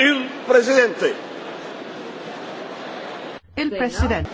Il-Presidente. Il-President.